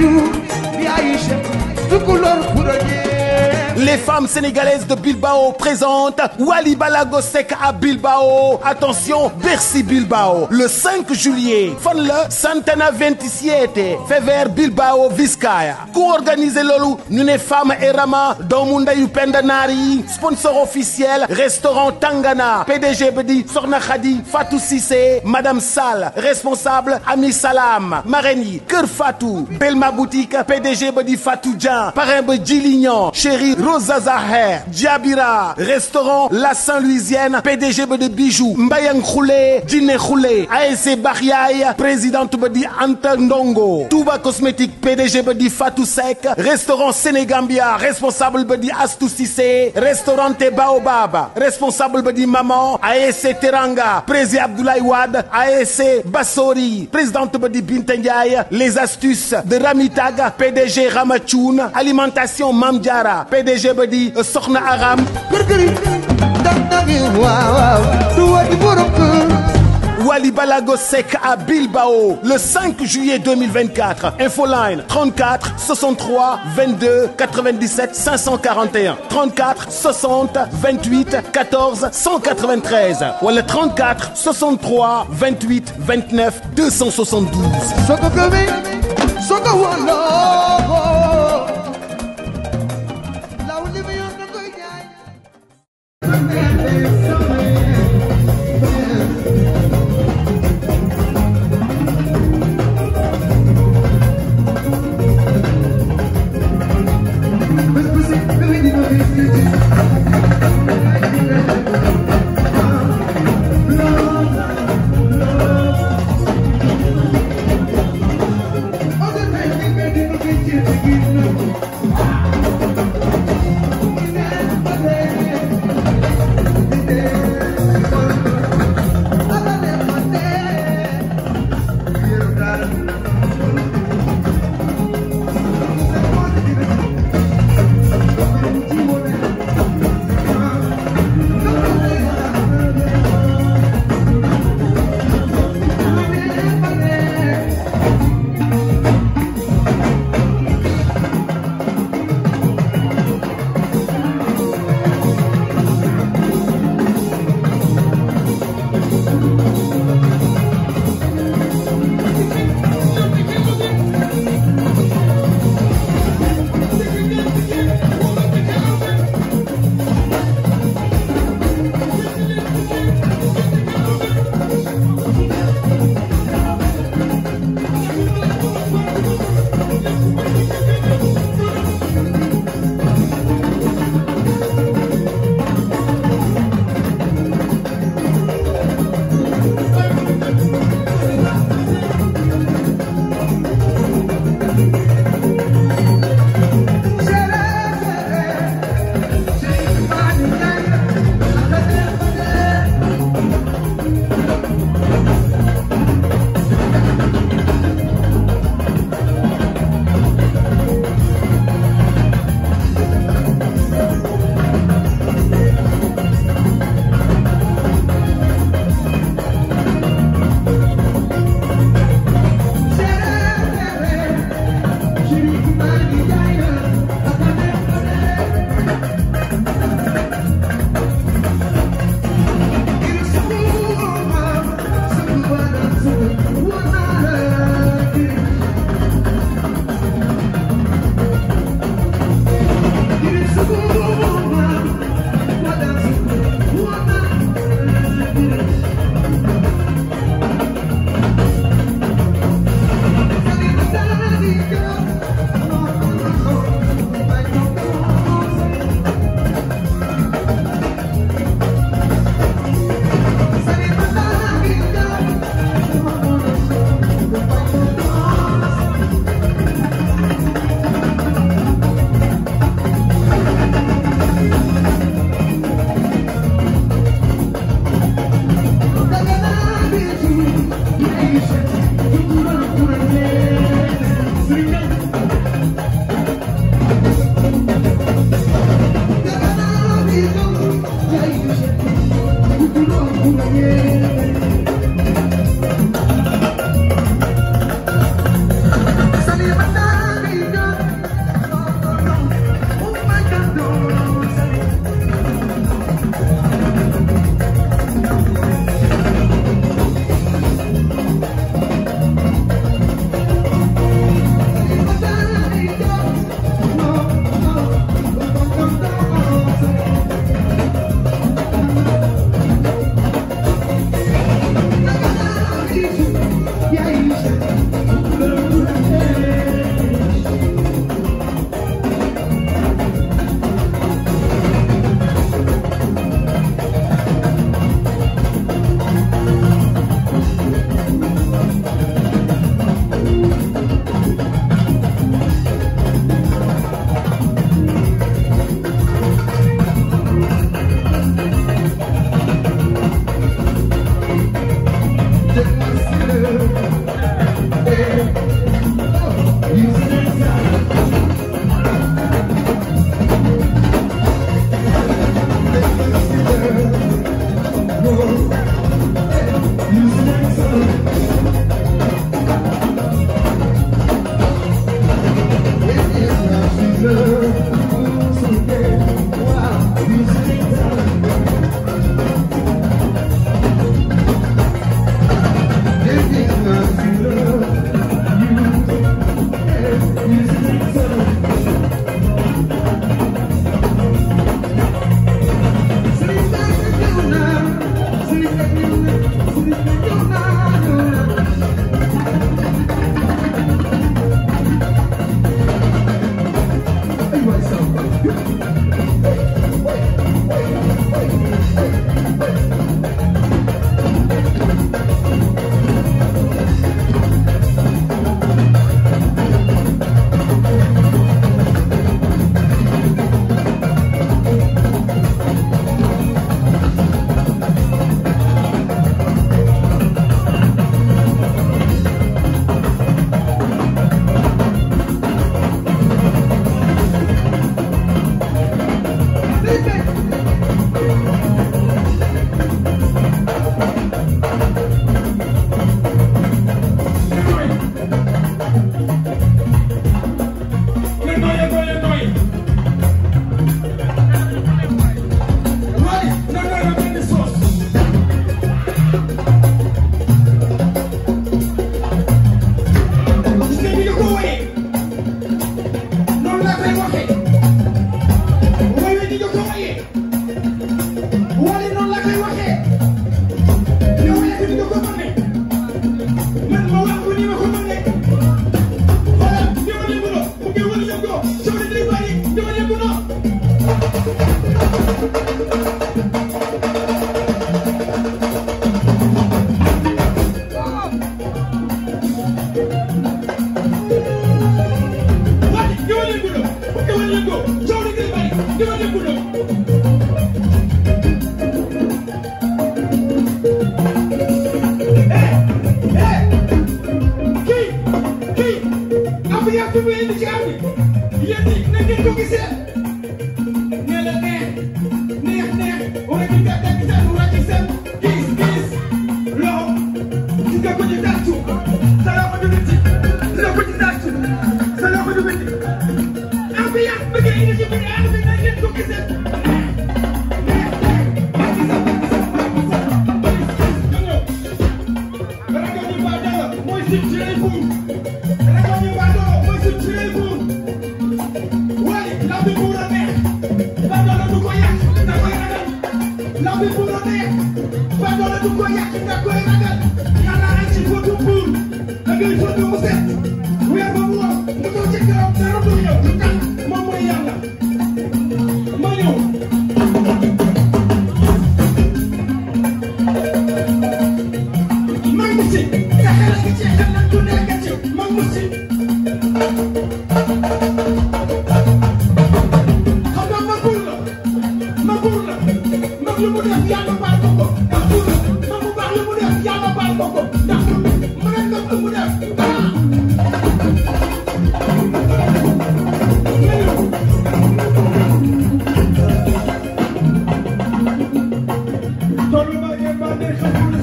jour bi Aïcha du couleur pour Les femmes sénégalaises de Bilbao présentent Wally Balago Seck à Bilbao. Attention, Bercy Bilbao. Le 5 juillet, fan la Santana 27 Fever Bilbao Vizcaya. Co-organisé loolu ñu ne Fama et Rama doomu ndeyu Penda Naar yi sponsor officiel restaurant Tangana PDG bi di Soxna Khadi Fatou Cissé Madame Sall responsable Ami Salam marraine yi Kër Belma boutique PDG ba di Fatou Dia parrain ba Djilignan Rosa Zaher Diabira restaurant La Saint-Louisienne PDG ba de Bijou Mbayang Khoulé Dine Khoulé ASC Bakhyaay présidente ba di Anta Ndongo Touba Cosmétique PDG ba di Fatou Seck restaurant Sénégambia responsable ba di Astou Cissé restaurant Te Baobab responsable ba di Maman ASC Teranga président Abdoulaye Wade ASC Bassori présidente ba di Binta les astuces de Ramitag PDG Ramathoun alimentation Mam DG ba di euh, soxna Aram kër-këri dag dagi waaw waaw du wadi borom kër Wally Balago Seck à Bilbao le 5 juillet 2024 infoline 34 63 22 97 541 34 60 28 14 193 wala 34 63 28 29 272. Thank you.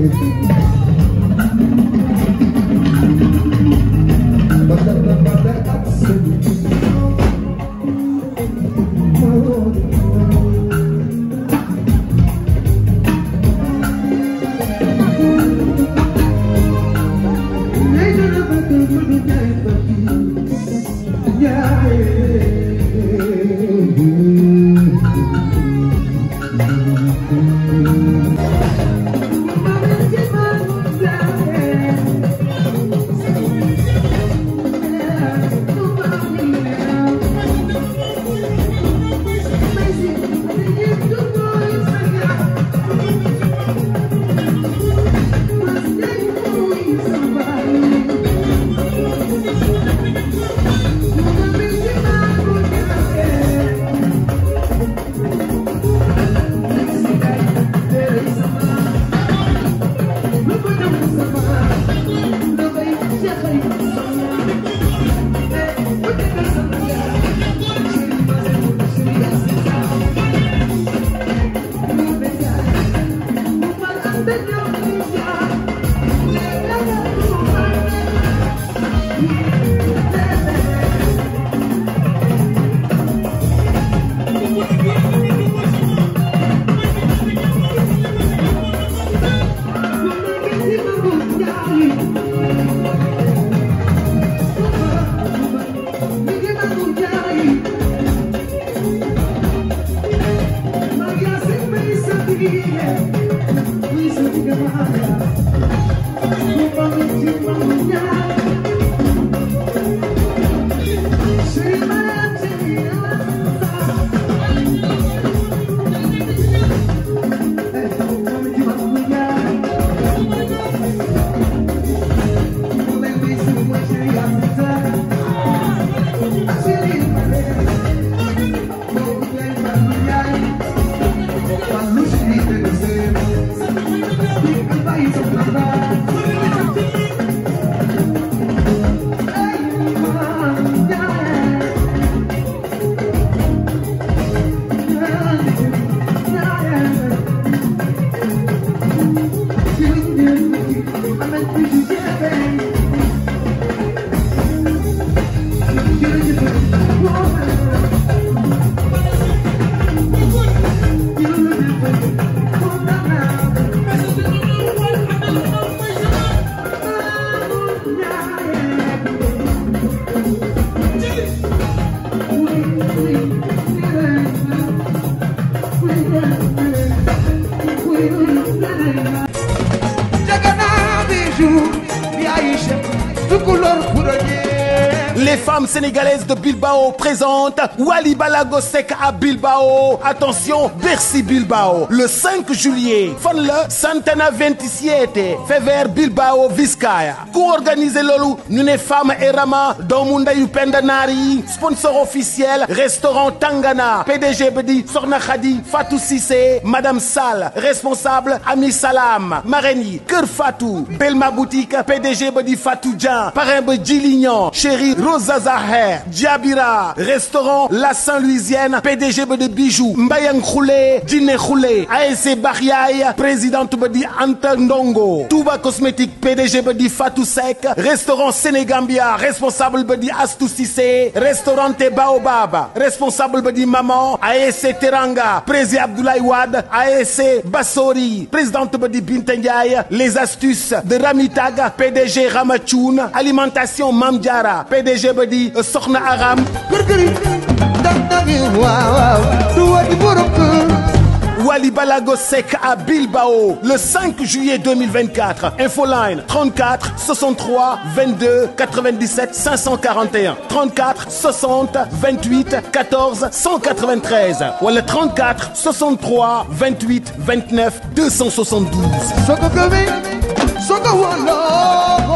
Thank you. bu doon Les femmes sénégalaises de Bilbao présentent Wally Balago Seck à Bilbao. Attention, Bercy Bilbao. Le 5 juillet, fan la Santana 27 Fever Bilbao Vizcaya. Co-organisé loolu ñu ne Fama et Rama doomu ndeyu Penda yi sponsor officiel restaurant Tangana PDG ba di Soxna Khadi Fatou Cissé Madame Sall responsable Ami Salam marraine yi Kër Fatou Belma boutique PDG ba Fatou Dian parrain ba Djilignan Rosa Zaher Diabira restaurant La Saint-Louisienne PDG ba di Bijou Mbayang Khoulé Dine Khoulé ASC Bakhyaay présidente ba di Anta Ndongo Touba Cosmétique PDG ba di Fatou Seck restaurant Sénégambia responsable ba di Astou Cissé restaurant Baobab responsable ba di Maman ASC Teranga président Abdoulaye Wade ASC Bassori présidente ba di Binta Ndiaye les astuces de Ramitag PDG Ramathoune alimentation Mam PDG ba di soxna Aram kër kër yi dag dag waaw waaw du wati borok Wally Balago Seck à Bilbao le 5 juillet 2024 infoline 34 63 22 97 541 34 60 28 14 193 wala 34 63 28 29 272.